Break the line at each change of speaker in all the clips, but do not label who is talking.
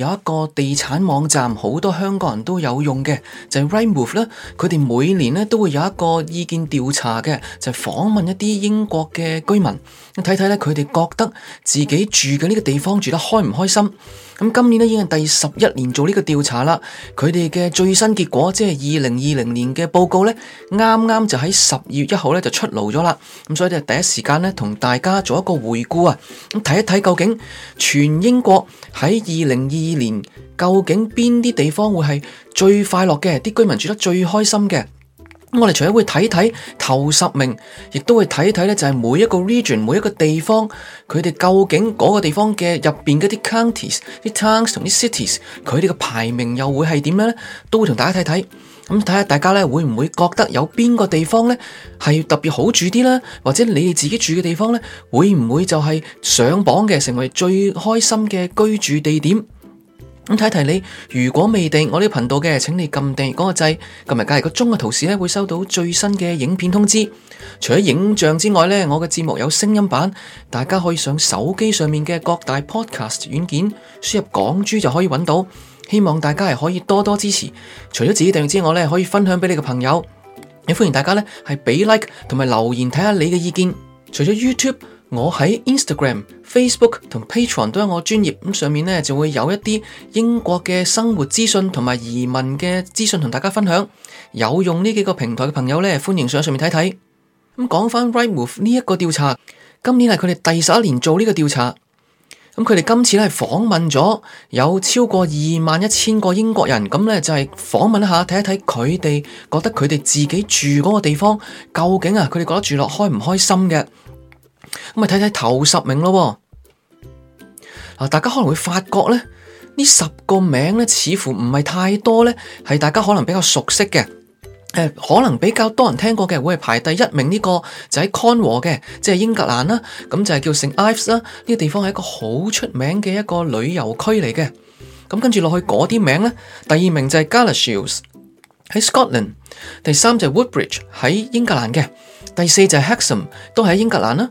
有一個地產網站，好多香港人都有用嘅，就係 Rightmove 咧。佢哋每年咧都會有一個意見調查嘅，就訪問一啲英國嘅居民，睇睇咧佢哋覺得自己住嘅呢個地方住得開唔開心。今年已經係第十一年做呢個調查啦，佢哋嘅最新結果即係二零二零年嘅報告呢，啱啱就喺十二月一號咧就出爐咗啦。咁所以就第一時間呢，同大家做一個回顧啊，咁睇一睇究竟全英國喺二零二二年究竟邊啲地方會係最快樂嘅，啲居民住得最開心嘅。我哋除咗會睇睇頭十名，亦都會睇睇咧，就係每一個 region 每一個地方，佢哋究竟嗰個地方嘅入邊嗰啲 counties、啲 towns 同啲 cities，佢哋嘅排名又會係點樣咧？都會同大家睇睇，咁睇下大家咧會唔會覺得有邊個地方咧係特別好住啲咧？或者你哋自己住嘅地方咧會唔會就係上榜嘅，成為最開心嘅居住地點？咁睇提，提你，如果未訂我呢個頻道嘅，請你撳訂嗰個掣，同埋隔離個鐘嘅提示咧，會收到最新嘅影片通知。除咗影像之外咧，我嘅節目有聲音版，大家可以上手機上面嘅各大 podcast 軟件輸入港珠就可以揾到。希望大家係可以多多支持，除咗自己訂閱之外咧，可以分享俾你嘅朋友。也歡迎大家咧係俾 like 同埋留言睇下你嘅意見。除咗 YouTube。我喺 Instagram、Facebook 同 Patreon 都有我專業咁，上面咧就會有一啲英國嘅生活資訊同埋移民嘅資訊同大家分享。有用呢幾個平台嘅朋友呢，歡迎上上面睇睇。咁講翻 Rightmove 呢一個調查，今年係佢哋第十一年做呢個調查。咁佢哋今次咧係訪問咗有超過二萬一千個英國人，咁呢，就係訪問一下睇一睇佢哋覺得佢哋自己住嗰個地方究竟啊，佢哋覺得住落開唔開心嘅。咁啊，睇睇頭十名咯。嗱，大家可能會發覺咧，呢十個名咧，似乎唔係太多咧，係大家可能比較熟悉嘅，誒、呃，可能比較多人聽過嘅，會係排第一名呢，呢個就喺康和嘅，即係英格蘭啦，咁就係叫聖 Ives 啦，呢個地方係一個好出名嘅一個旅遊區嚟嘅，咁跟住落去嗰啲名咧，第二名就係 Galashiels 喺 Scotland，第三就係 Woodbridge 喺英格蘭嘅，第四就係 Hexham 都喺英格蘭啦。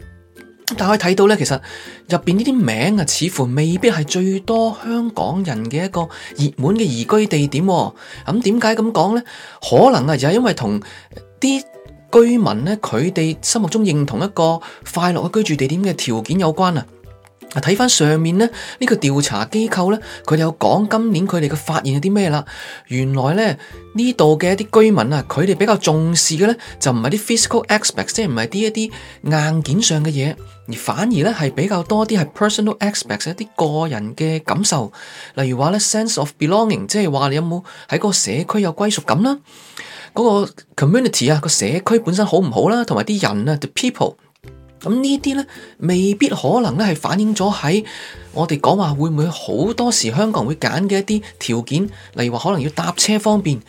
大家可以睇到咧，其實入邊呢啲名啊，似乎未必係最多香港人嘅一個熱門嘅移居地點啊。咁點解咁講咧？可能啊，就係因為同啲居民咧，佢哋心目中認同一個快樂嘅居住地點嘅條件有關啊。睇翻上面呢，呢個調查機構呢，佢有講今年佢哋嘅發現有啲咩啦？原來呢，呢度嘅一啲居民啊，佢哋比較重視嘅呢，就唔係啲 physical aspects，即係唔係啲一啲硬件上嘅嘢，而反而呢，係比較多啲係 personal aspects，一啲個人嘅感受，例如話呢 sense of belonging，即係話你有冇喺個社區有歸屬感啦，嗰個 community 啊，個社區本身好唔好啦，同埋啲人啊 the people。咁呢啲呢，未必可能呢係反映咗喺我哋講話會唔會好多時香港人會揀嘅一啲條件，例如話可能要搭車方便，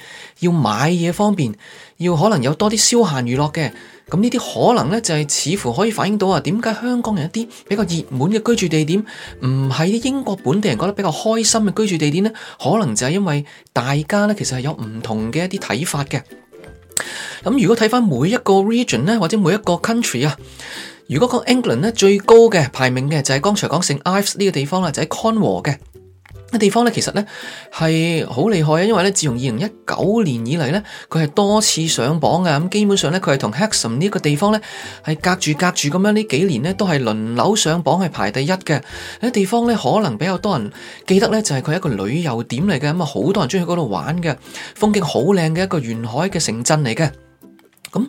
要買嘢方便，要可能有多啲消閒娛樂嘅。咁呢啲可能呢，就係似乎可以反映到啊，點解香港人一啲比較熱門嘅居住地點，唔係啲英國本地人覺得比較開心嘅居住地點呢？可能就係因為大家呢，其實係有唔同嘅一啲睇法嘅。咁如果睇返每一個 region 呢，或者每一個 country 啊。如果講 England 咧，最高嘅排名嘅就係、是、剛才講聖 Ives 呢個地方啦，就喺康和嘅地方咧，其實咧係好厲害啊！因為咧自從二零一九年以嚟咧，佢係多次上榜啊！咁基本上咧佢係同 Hexham 呢個地方咧係隔住隔住咁樣，呢幾年咧都係輪流上榜係排第一嘅。呢、這個、地方咧可能比較多人記得咧就係、是、佢一個旅遊點嚟嘅，咁啊好多人鍾意去嗰度玩嘅，風景好靚嘅一個沿海嘅城鎮嚟嘅，咁。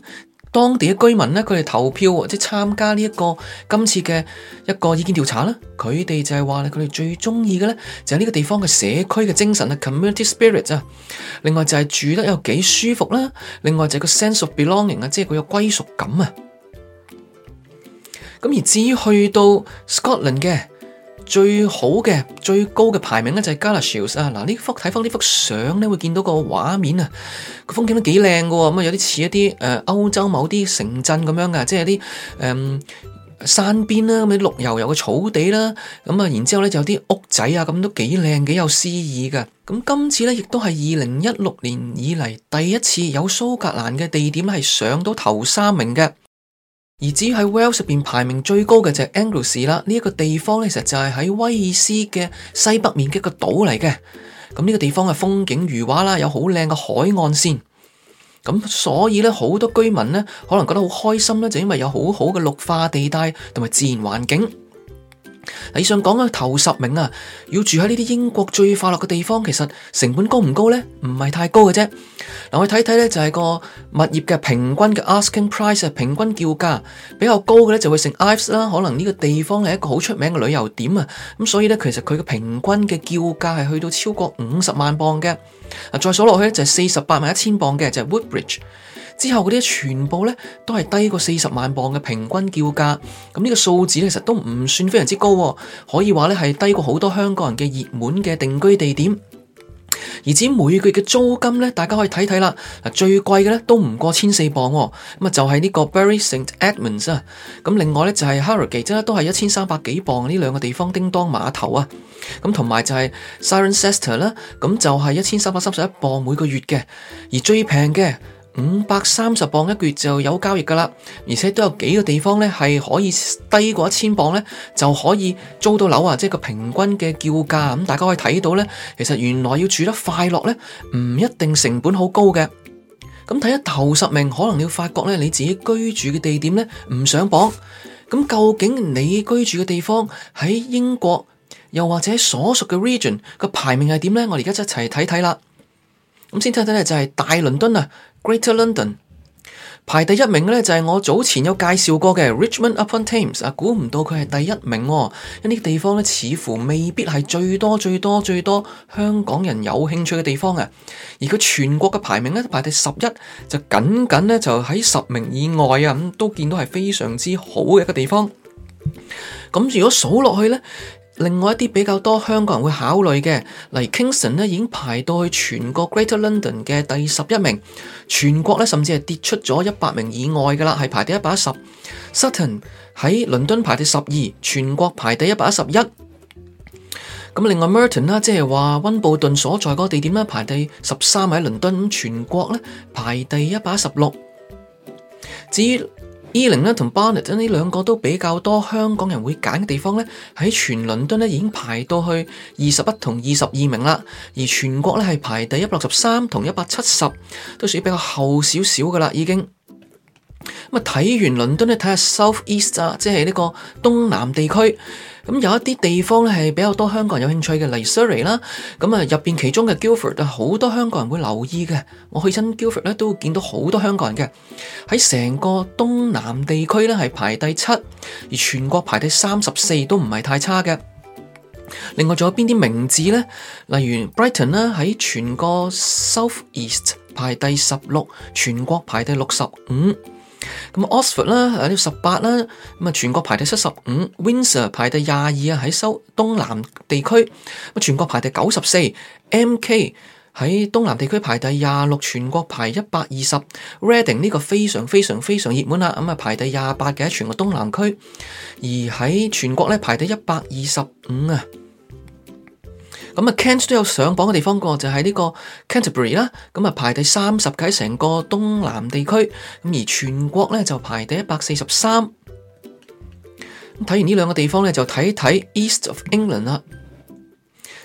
當地嘅居民呢，佢哋投票或者參加呢一個今次嘅一個意見調查啦。佢哋就係話佢哋最鍾意嘅咧就係呢個地方嘅社區嘅精神啊，community spirit 啊。另外就係住得有幾舒服啦。另外就係個 sense of belonging 啊，即係佢有歸屬感啊。咁而至於去到 Scotland 嘅。最好嘅最高嘅排名就係、是、Galashiels 啊！嗱，呢幅睇返呢幅相咧，會見到個畫面啊，個風景都幾靚嘅喎。有啲似一啲誒歐洲某啲城鎮咁樣嘅，即係啲、嗯、山邊啦，啲、啊、綠油油嘅草地啦，咁啊，然之後咧就有啲屋仔啊，咁都幾靚幾有詩意嘅。咁、啊、今次呢，亦都係二零一六年以來第一次有蘇格蘭嘅地點係上到頭三名嘅。而至於喺威爾士入邊排名最高嘅就係 Anglesey 啦，呢一個地方咧其實就係喺威爾斯嘅西北面嘅一個島嚟嘅，咁、這、呢個地方嘅風景如畫啦，有好靚嘅海岸線，咁所以咧好多居民咧可能覺得好開心咧，就因為有好好嘅綠化地帶同埋自然環境。以上講嘅頭十名啊，要住喺呢啲英國最快樂嘅地方，其實成本高唔高呢？唔係太高嘅啫。嗱，我睇睇咧，就係個物業嘅平均嘅 asking price，平均叫價比較高嘅咧，就會成 Ives 啦。可能呢個地方係一個好出名嘅旅遊點啊，咁所以咧，其實佢嘅平均嘅叫價係去到超過五十萬磅嘅。再數落去咧就係四十八萬一千磅嘅，就係、是、Woodbridge。之後嗰啲全部咧都係低過四十萬磅嘅平均叫價，咁呢個數字咧其實都唔算非常之高、哦，可以話咧係低過好多香港人嘅熱門嘅定居地點。而至於每個月嘅租金咧，大家可以睇睇啦。最貴嘅咧都唔過千四磅、哦，咁啊就係、是、呢個 Bury St Edmunds 啊。咁另外咧就係、是、Harrogate 都係一千三百幾磅。呢兩個地方叮噹馬頭啊，咁同埋就係 Siren Sister 啦、啊，咁就係一千三百三十一磅每個月嘅，而最平嘅。五百三十磅一個月就有交易噶啦，而且都有幾個地方呢係可以低過一千磅呢，就可以租到樓啊！即係個平均嘅叫價咁，大家可以睇到呢，其實原來要住得快樂呢，唔一定成本好高嘅。咁睇下頭十名，可能你會發覺呢，你自己居住嘅地點呢唔上榜。咁究竟你居住嘅地方喺英國，又或者所屬嘅 region 個排名係點呢？我哋而家一齊睇睇啦。咁先睇睇咧，就係大倫敦啊，Greater London 排第一名咧，就係我早前有介紹過嘅 Richmond upon Thames 啊，估唔到佢係第一名喎。呢啲地方咧，似乎未必係最多最多最多香港人有興趣嘅地方啊。而佢全國嘅排名咧，排第十一，就僅僅咧就喺十名以外啊，咁都見到係非常之好嘅一個地方。咁如果數落去咧。另外一啲比較多香港人會考慮嘅，例如 Kingston 咧已經排到去全國 Greater London 嘅第十一名，全國咧甚至係跌出咗一百名以外噶啦，係排第一百一十。Sutton 喺倫敦排第十二，全國排第一百一十一。咁另外 Merton 啦，即係話温布頓所在嗰個地點地呢，排第十三，喺倫敦咁全國呢排第一百一十六。至於 Ealing 同 Barnet 呢兩個都比較多香港人會揀嘅地方咧，喺全倫敦咧已經排到去二十一同二十二名啦，而全國咧係排第一百六十三同一百七十，都屬於比較後少少㗎啦，已經。咁啊，睇完倫敦咧，睇下 South East 啊，即係呢個東南地區。咁有一啲地方咧係比較多香港人有興趣嘅，例如 Surrey 啦，咁啊入邊其中嘅 Guildford 好多香港人會留意嘅。我去親 Guildford 咧都會見到好多香港人嘅，喺成個東南地區呢係排第七，而全國排第三十四都唔係太差嘅。另外仲有邊啲名字呢？例如 Brighton 呢，喺全個 South East 排第十六，全國排第六十五。咁 Oxford 啦，誒，呢十八啦，咁啊全國排第七十五，Windsor 排第廿二啊，喺收東南地區，咁全國排第九十四，MK 喺東南地區排第廿六，全國排一百二十，Reading 呢個非常非常非常熱門啊，咁啊排第廿八嘅喺全國東南區，而喺全國咧排第一百二十五啊。咁啊 Kent 都有上榜嘅地方過，就係、是、呢個 Canterbury 啦。咁啊，排第三十喺成個東南地區。咁而全國咧就排第一百四十三。咁睇完呢兩個地方咧，就睇睇 East of England 啦，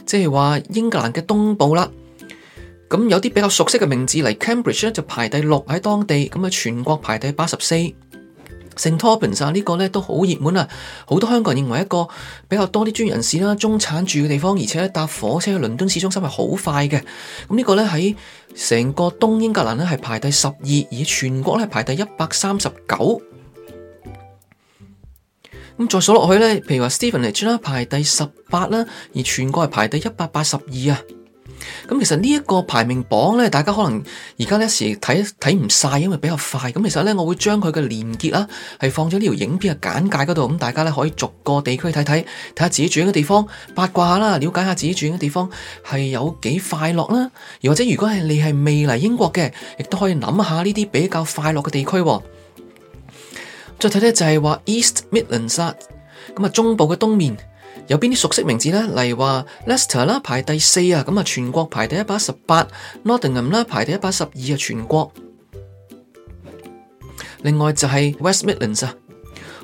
即係話英格蘭嘅東部啦。咁有啲比較熟悉嘅名字嚟 Cambridge 咧，就排第六喺當地。咁啊，全國排第八十四。St Albans 呢個呢都好熱門啊！好多香港人認為一個比較多啲專業人士啦、中產住嘅地方，而且搭火車去倫敦市中心係好快嘅。咁呢個呢，喺成個東英格蘭呢係排第十二，而全國呢係排第一百三十九。咁再數落去呢，譬如話 Stevenage 啦，排第十八啦，而全國係排第一百八十二啊。咁其實呢一個排名榜咧，大家可能而家一時睇睇唔晒，因為比較快。咁其實咧，我會將佢嘅連結啦，係放咗呢條影片嘅簡介嗰度，咁大家咧可以逐個地區睇睇，睇下下自己住嘅地方八卦下啦，了解下自己住嘅地方係有幾快樂啦。又或者如果係你係未嚟英國嘅，亦都可以諗下呢啲比較快樂嘅地區。再睇咧就係話 East Midlands，咁啊中部嘅東面。有邊啲熟悉名字呢？例如話 Leicester 啦，ester，排第四啊，咁啊全國排第一百十八；Nottingham 啦，排第一百十二啊，全國。另外就係 West Midlands 啊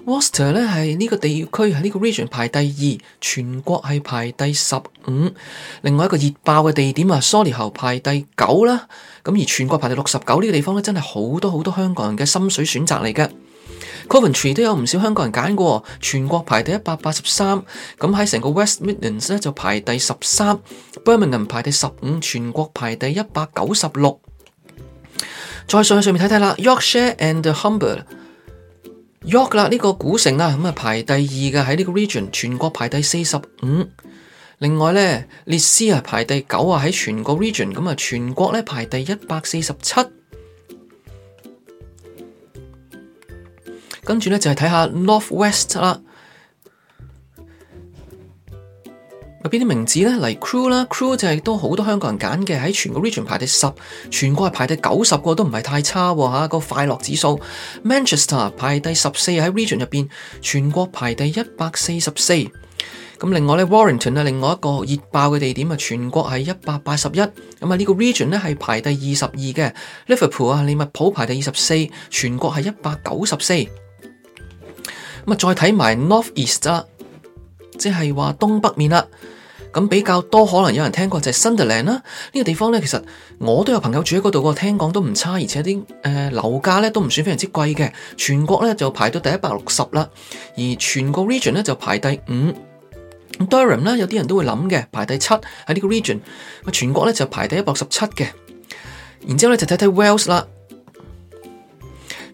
，Worcester 呢係呢個地區係呢個 region 排第二，全國係排第十五。另外一個熱爆嘅地點啊，Surrey Heath 排第九啦，咁而全國排第六十九呢個地方咧，真係好多好多香港人嘅心水選擇嚟嘅。Coventry 都有唔少香港人揀過，全國排第一百八十三。咁喺成個 West Midlands 呢就排第十三，Birmingham 排第十五，全國排第一百九十六。再上去上面睇睇啦，Yorkshire and Humber，York 啦，呢個古城啊，咁啊排第二嘅喺呢個 region，全國排第四十五。另外呢，列斯呀排第九啊，喺全國 region 咁啊，全國呢排第一百四十七。跟住咧就係、是、睇下 North West 啦，入邊啲名字咧嚟 Crew 啦，Crew 就係都好多香港人揀嘅，喺全個 Region 排第十，全國係排第九十個都唔係太差喎嚇。啊那個快樂指數 Manchester 排第十四喺 Region 入邊，全國排第一百四十四。咁另外咧 Warrington 啊，另外一個熱爆嘅地點啊，全國係一百八十一。咁啊呢個 Region 咧係排第二十二嘅 Liverpool 啊利物浦排第二十四，全國係一百九十四。再睇埋 North East 即係話東北面啦。咁比較多可能有人聽過就係 Sunderland 啦，呢個地方呢，其實我都有朋友住喺嗰度噶，聽講都唔差，而且啲誒樓價都唔算非常之貴嘅。全國呢就排到第一百六十啦，而全國 region 呢就排第五。Durham 呢有啲人都會諗嘅，排第七喺呢個 region，全國呢就排第一百十七嘅。然之後就睇睇 Wales 啦。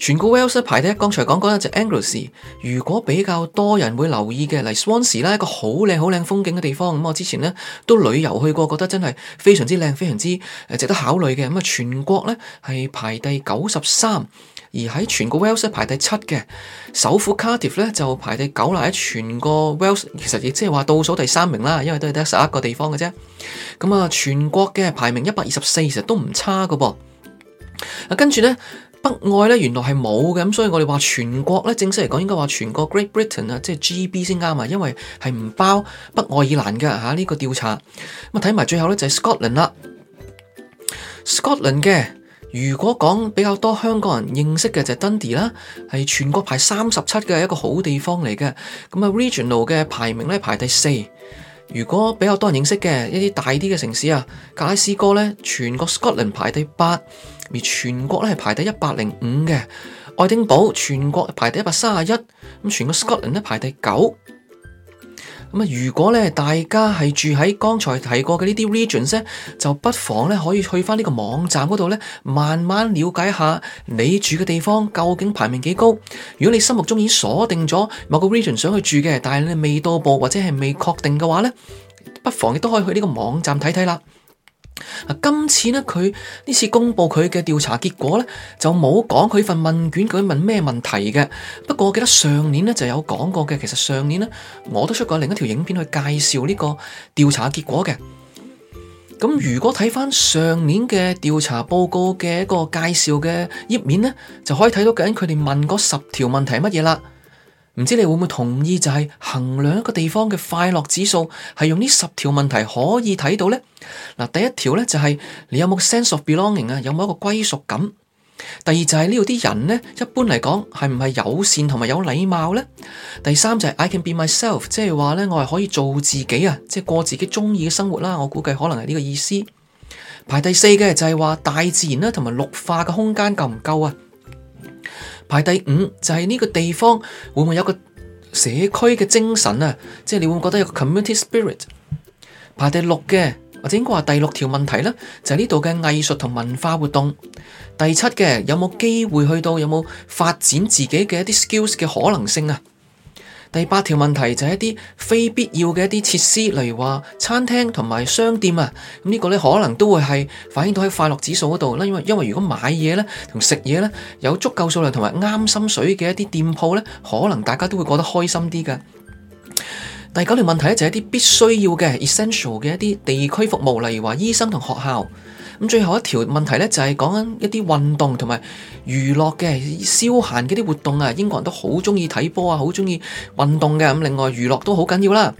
全個 Wales 排第一，剛才講過啦，就係，Anglesey。如果比較多人會留意嘅，嚟 Swansea 一個好靚好靚風景嘅地方。咁我之前呢都旅遊去過，覺得真係非常之靚，非常之值得考慮嘅。咁啊，全國呢係排第九十三，而喺全個 Wales 排第七嘅。首府 Cardiff 咧就排第九啦，喺全個 Wales 其實亦即係話倒數第三名啦，因為都係得十一個地方嘅啫。咁啊，全國嘅排名一百二十四，其實都唔差噶噃。跟住呢。北愛呢，原來係冇嘅，咁所以我哋話全國呢，正式嚟講應該話全國 Great Britain 啊，即係 GB 先啱啊，因為係唔包北愛爾蘭㗎吓呢個調查。咁啊，睇埋最後呢，就係 Scotland 啦，Scotland 嘅如果講比較多香港人認識嘅就係 Dundee 啦，係全國排三十七嘅一個好地方嚟嘅，咁啊 Regional 嘅排名呢，排第四。如果比較多人認識嘅一啲大啲嘅城市啊，格拉斯哥咧，全國 Scotland 排第八，而全國咧係排第一百零五嘅；愛丁堡全國排第一百三十一，咁全國 Scotland 咧排第九。咁如果咧大家係住喺剛才提過嘅呢啲 regions 咧，就不妨咧可以去翻呢個網站嗰度咧，慢慢了解下你住嘅地方究竟排名幾高。如果你心目中已經鎖定咗某個 region 想去住嘅，但係你未到步或者係未確定嘅話咧，不妨亦都可以去呢個網站睇睇啦。啊！今次呢，佢呢次公布佢嘅調查結果呢，就冇講佢份問卷究竟問咩問題嘅。不過我記得上年呢就有講過嘅，其實上年呢我都出過另一條影片去介紹呢個調查結果嘅。咁如果睇翻上年嘅調查報告嘅一個介紹嘅頁面呢，就可以睇到究竟佢哋問嗰十條問題乜嘢啦。唔知你會唔會同意，就係衡量一個地方嘅快樂指數，係用呢十條問題可以睇到呢？嗱，第一條呢，就係你有冇 sense of belonging 啊，有冇一個歸屬感？第二就係呢度啲人呢，一般嚟講係唔係友善同埋有禮貌呢？第三就係 I can be myself，即係話呢，我係可以做自己啊，即係過自己中意嘅生活啦。我估計可能係呢個意思。排第四嘅就係話大自然啦，同埋綠化嘅空間夠唔夠啊？排第五就係呢個地方會唔會有個社區嘅精神啊？即係你會唔會覺得有個 community spirit？排第六嘅，或者應該話第六條問題呢，就係呢度嘅藝術同文化活動。第七嘅有冇機會去到有冇發展自己嘅一啲 skills 嘅可能性啊？第八條問題就係一啲非必要嘅一啲設施，例如話餐廳同埋商店啊，咁、這、呢個呢可能都會係反映到喺快樂指數嗰度啦。因為因為如果買嘢呢，同食嘢呢，有足夠數量同埋啱心水嘅一啲店鋪呢，可能大家都會過得開心啲噶。第九條問題咧就係一啲必須要嘅 essential 嘅一啲地區服務，例如話醫生同學校。咁最後一條問題咧，就係講緊一啲運動同埋娛樂嘅消閒嗰啲活動啊，英國人都好中意睇波啊，好中意運動嘅。咁另外娛樂都好緊要啦。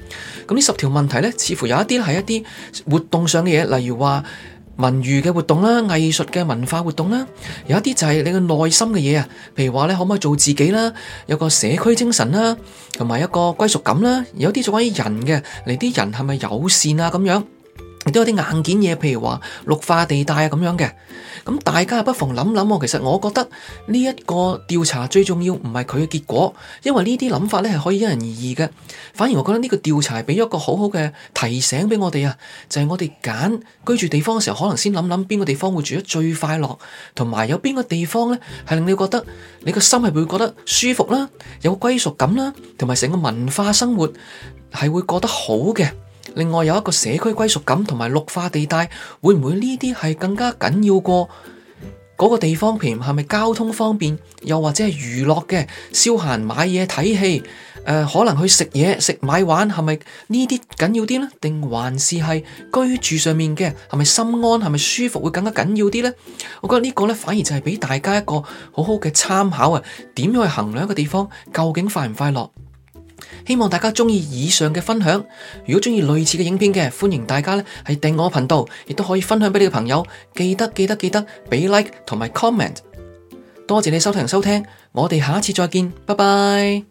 咁呢十條問題咧，似乎有一啲係一啲活動上嘅嘢，例如話文娛嘅活動啦、藝術嘅文化活動啦，有一啲就係你嘅內心嘅嘢啊，譬如話你可唔可以做自己啦，有個社區精神啦，同埋一個歸屬感啦，有啲仲關於人嘅，你啲人係咪友善啊咁樣。都有啲硬件嘢，譬如話綠化地帶啊咁樣嘅，咁大家不妨諗諗哦。其實我覺得呢一個調查最重要唔係佢嘅結果，因為呢啲諗法咧係可以因人而異嘅。反而我覺得呢個調查俾咗一個好好嘅提醒俾我哋啊，就係我哋揀居住地方嘅時候，可能先諗諗邊個地方會住得最快樂，同埋有邊個地方咧係令你覺得你個心係會覺得舒服啦，有歸屬感啦，同埋成個文化生活係會過得好嘅。另外有一個社區歸屬感同埋綠化地帶，會唔會呢啲係更加緊要過嗰個地方？譬如係咪交通方便，又或者係娛樂嘅消閒買嘢睇戲？誒、呃，可能去食嘢食買玩，係咪呢啲緊要啲呢？定還是係居住上面嘅係咪心安係咪舒服會更加緊要啲呢？我覺得呢個呢，反而就係俾大家一個好好嘅參考啊！點樣去衡量一個地方究竟快唔快樂？希望大家中意以上嘅分享，如果中意類似嘅影片嘅，歡迎大家咧係訂我頻道，亦都可以分享俾你嘅朋友。記得記得記得俾 like 同埋 comment，多謝你收聽收聽，我哋下次再見，拜拜。